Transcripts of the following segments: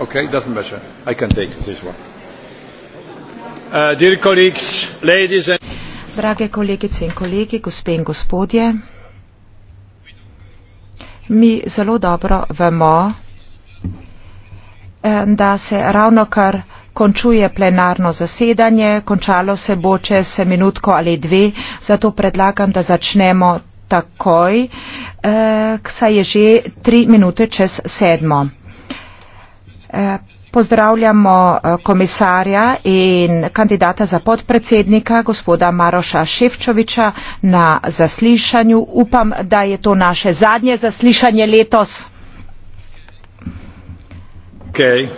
okay, doesn't matter. I can take this one. Uh, dear colleagues, ladies and Drage kolegice in kolegi, gospe in gospodje, mi zelo dobro vemo, eh, da se ravno kar končuje plenarno zasedanje, končalo se bo čez minutko ali dve, zato predlagam, da začnemo takoj, eh, saj je že tri minute čez sedmo. Eh, pozdravljamo eh, komisarja in kandidata za podpredsednika, gospoda Maroša Ševčoviča, na zaslišanju. Upam, da je to naše zadnje zaslišanje letos. Okay.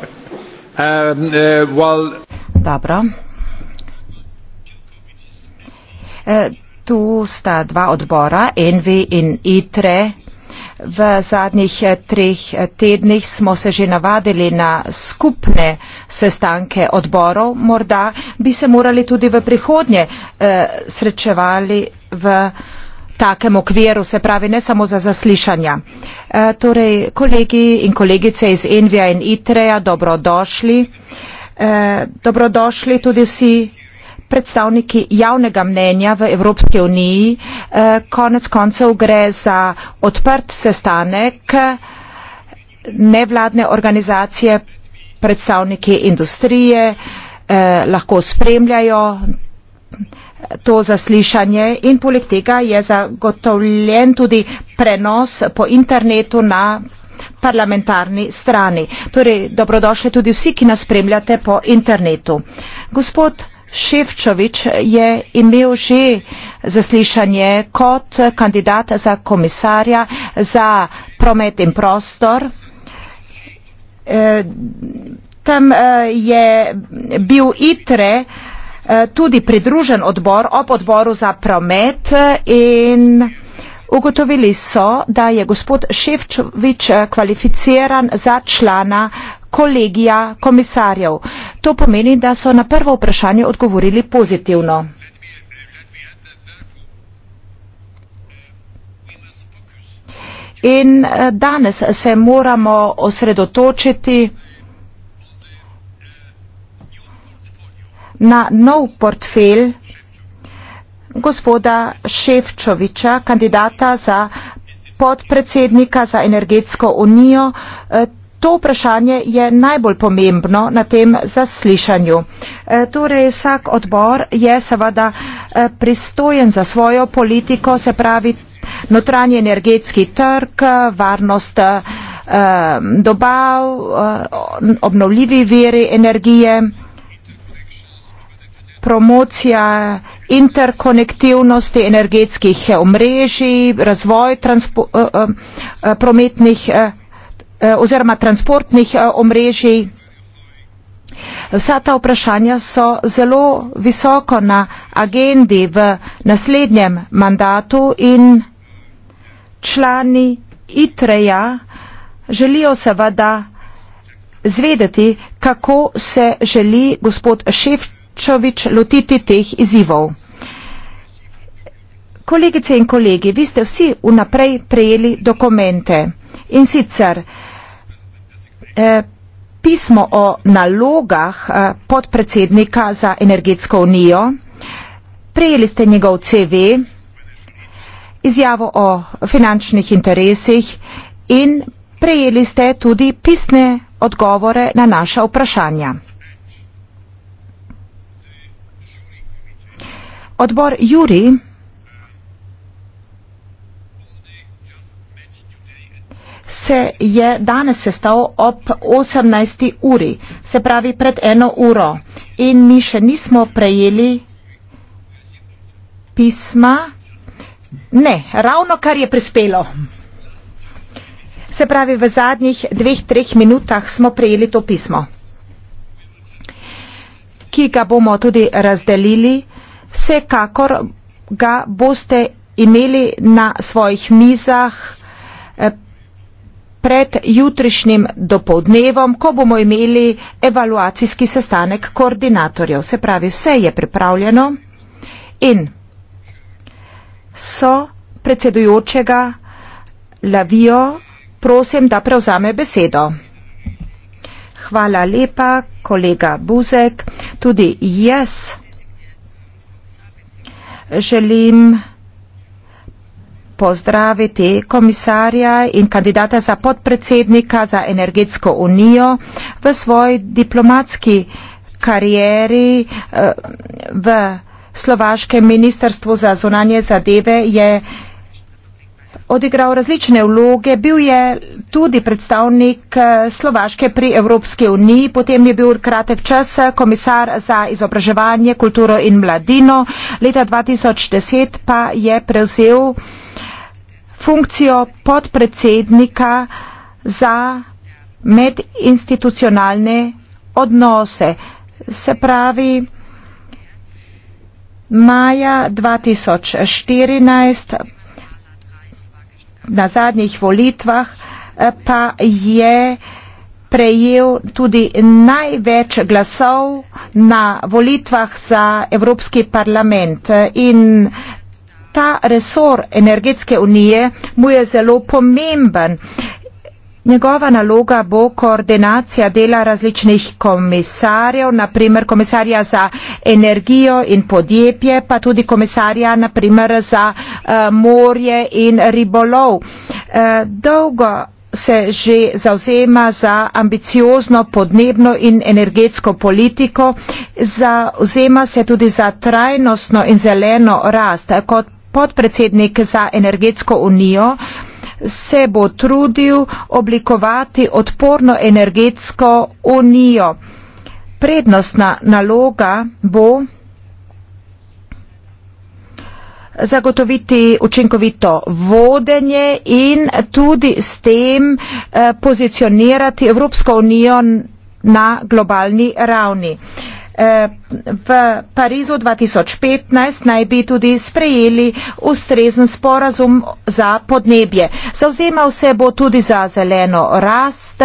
Um, uh, well... Dobro. Eh, tu sta dva odbora, Envi in ITRE. V zadnjih eh, treh eh, tednih smo se že navadili na skupne sestanke odborov. Morda bi se morali tudi v prihodnje eh, srečevali v takem okviru, se pravi ne samo za zaslišanja. Eh, torej, kolegi in kolegice iz Envija in Itreja, dobrodošli. Eh, dobrodošli tudi vsi predstavniki javnega mnenja v Evropske uniji. Eh, konec koncev gre za odprt sestanek nevladne organizacije, predstavniki industrije eh, lahko spremljajo to zaslišanje in poleg tega je zagotovljen tudi prenos po internetu na parlamentarni strani. Torej, dobrodošli tudi vsi, ki nas spremljate po internetu. Gospod Ševčovič je imel že zaslišanje kot kandidat za komisarja za promet in prostor. E, tam e, je bil ITRE e, tudi pridružen odbor ob odboru za promet in ugotovili so, da je gospod Ševčovič kvalificiran za člana kolegija komisarjev. Uh, To pomeni, da so na prvo vprašanje odgovorili pozitivno. In eh, danes se moramo osredotočiti na nov portfelj gospoda Ševčoviča, kandidata za podpredsednika za energetsko unijo. Eh, To vprašanje je najbolj pomembno na tem zaslišanju. E, torej, vsak odbor je seveda e, pristojen za svojo politiko, se pravi notranji energetski trg, varnost e, dobav, e, obnovljivi veri energije, promocija interkonektivnosti energetskih omrežij, razvoj e, e, e, prometnih. E, Eh, oziroma transportnih eh, omrežij. Vsa ta vprašanja so zelo visoko na agendi v naslednjem mandatu in člani ITREJA želijo seveda zvedeti, kako se želi gospod Ševčovič lotiti teh izzivov. Kolegice in kolegi, vi ste vsi vnaprej prejeli dokumente in sicer Eh, pismo o nalogah eh, podpredsednika za energetsko unijo, prejeli ste njegov CV, izjavo o finančnih interesih in prejeli ste tudi pisne odgovore na naša vprašanja. Odbor Juri Gorice je danes sestal ob 18. uri, se pravi pred eno uro. In mi še nismo prejeli pisma. Ne, ravno kar je prispelo. Se pravi, v zadnjih dveh, treh minutah smo prejeli to pismo, ki ga bomo tudi razdelili. Vsekakor ga boste imeli na svojih mizah eh, pred jutrišnjim dopolednevom, ko bomo imeli evaluacijski sestanek koordinatorjev. Se pravi, vse je pripravljeno in so predsedujočega Lavijo prosim, da prevzame besedo. Hvala lepa, kolega Buzek. Tudi jaz želim pozdraviti komisarja in kandidata za podpredsednika za energetsko unijo v svoj diplomatski karieri eh, v Slovaškem ministrstvu za zunanje zadeve je odigral različne vloge, bil je tudi predstavnik eh, Slovaške pri Evropski uniji, potem je bil kratek čas eh, komisar za izobraževanje, kulturo in mladino, leta 2010 pa je prevzel funkcijo podpredsednika za medinstitucionalne odnose. Se pravi, maja 2014 na zadnjih volitvah eh, pa je prejel tudi največ glasov na volitvah za Evropski parlament eh, in ta resor energetske unije mu je zelo pomemben. Njegova naloga bo koordinacija dela različnih komisarjev, naprimer komisarja za energijo in podjetje, pa tudi komisarja naprimer za uh, morje in ribolov. Uh, dolgo se že zauzema za ambiciozno podnebno in energetsko politiko, zauzema se tudi za trajnostno in zeleno rast. Kot podpredsednik za energetsko unijo, se bo trudil oblikovati odporno energetsko unijo. Prednostna naloga bo zagotoviti učinkovito vodenje in tudi s tem eh, pozicionirati Evropsko unijo na globalni ravni v Parizu 2015 naj bi tudi sprejeli ustrezen sporazum za podnebje. Zauzemal se bo tudi za zeleno rast.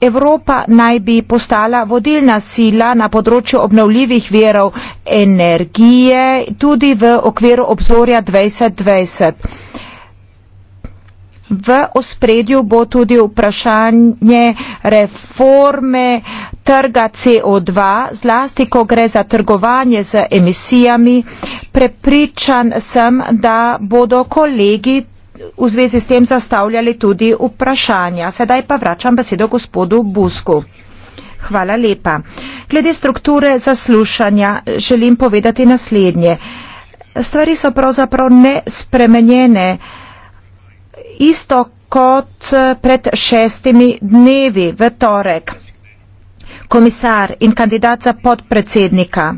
Evropa naj bi postala vodilna sila na področju obnovljivih verov energije tudi v okviru obzorja 2020. V ospredju bo tudi vprašanje reforme trga CO2, zlasti ko gre za trgovanje z emisijami. Prepričan sem, da bodo kolegi v zvezi s tem zastavljali tudi vprašanja. Sedaj pa vračam besedo gospodu Busku. Hvala lepa. Glede strukture zaslušanja želim povedati naslednje. Stvari so pravzaprav nespremenjene isto kot eh, pred šestimi dnevi v torek. Komisar in kandidat za podpredsednika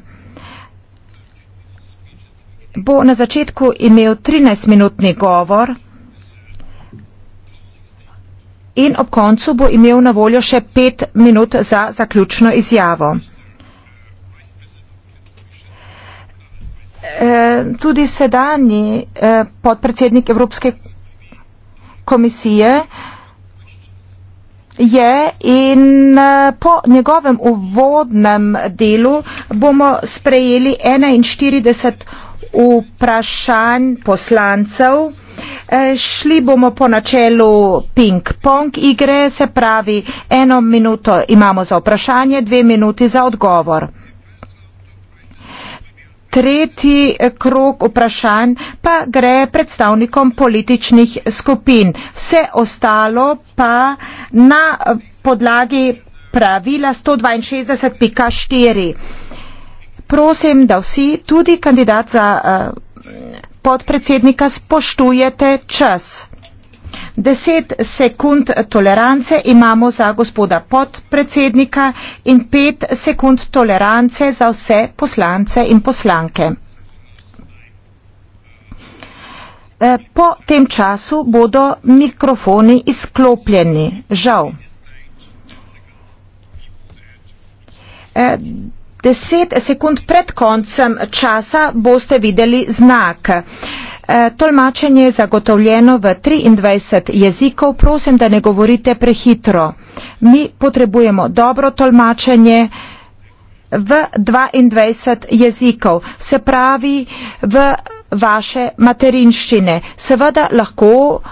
bo na začetku imel 13-minutni govor in ob koncu bo imel na voljo še 5 minut za zaključno izjavo. E, tudi sedanji e, podpredsednik Evropske komisije komisije je in eh, po njegovem uvodnem delu bomo sprejeli 41 vprašanj poslancev. Eh, šli bomo po načelu ping-pong igre, se pravi, eno minuto imamo za vprašanje, dve minuti za odgovor tretji eh, krok vprašanj pa gre predstavnikom političnih skupin. Vse ostalo pa na eh, podlagi pravila 162.4. Prosim, da vsi, tudi kandidat za uh, podpredsednika, spoštujete čas. 10 sekund tolerance imamo za gospoda podpredsednika in 5 sekund tolerance za vse poslance in poslanke. Eh, po tem času bodo mikrofoni izklopljeni, žal. 10 eh, sekund pred koncem časa boste videli znak. Eh, tolmačenje je zagotovljeno v 23 jezikov, prosim, da ne govorite prehitro. Mi potrebujemo dobro tolmačenje v 22 jezikov, se pravi v vaše materinščine. Seveda lahko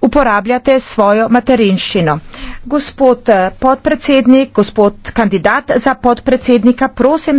uporabljate svojo materinščino. Gospod eh, podpredsednik, gospod kandidat za podpredsednika, prosim,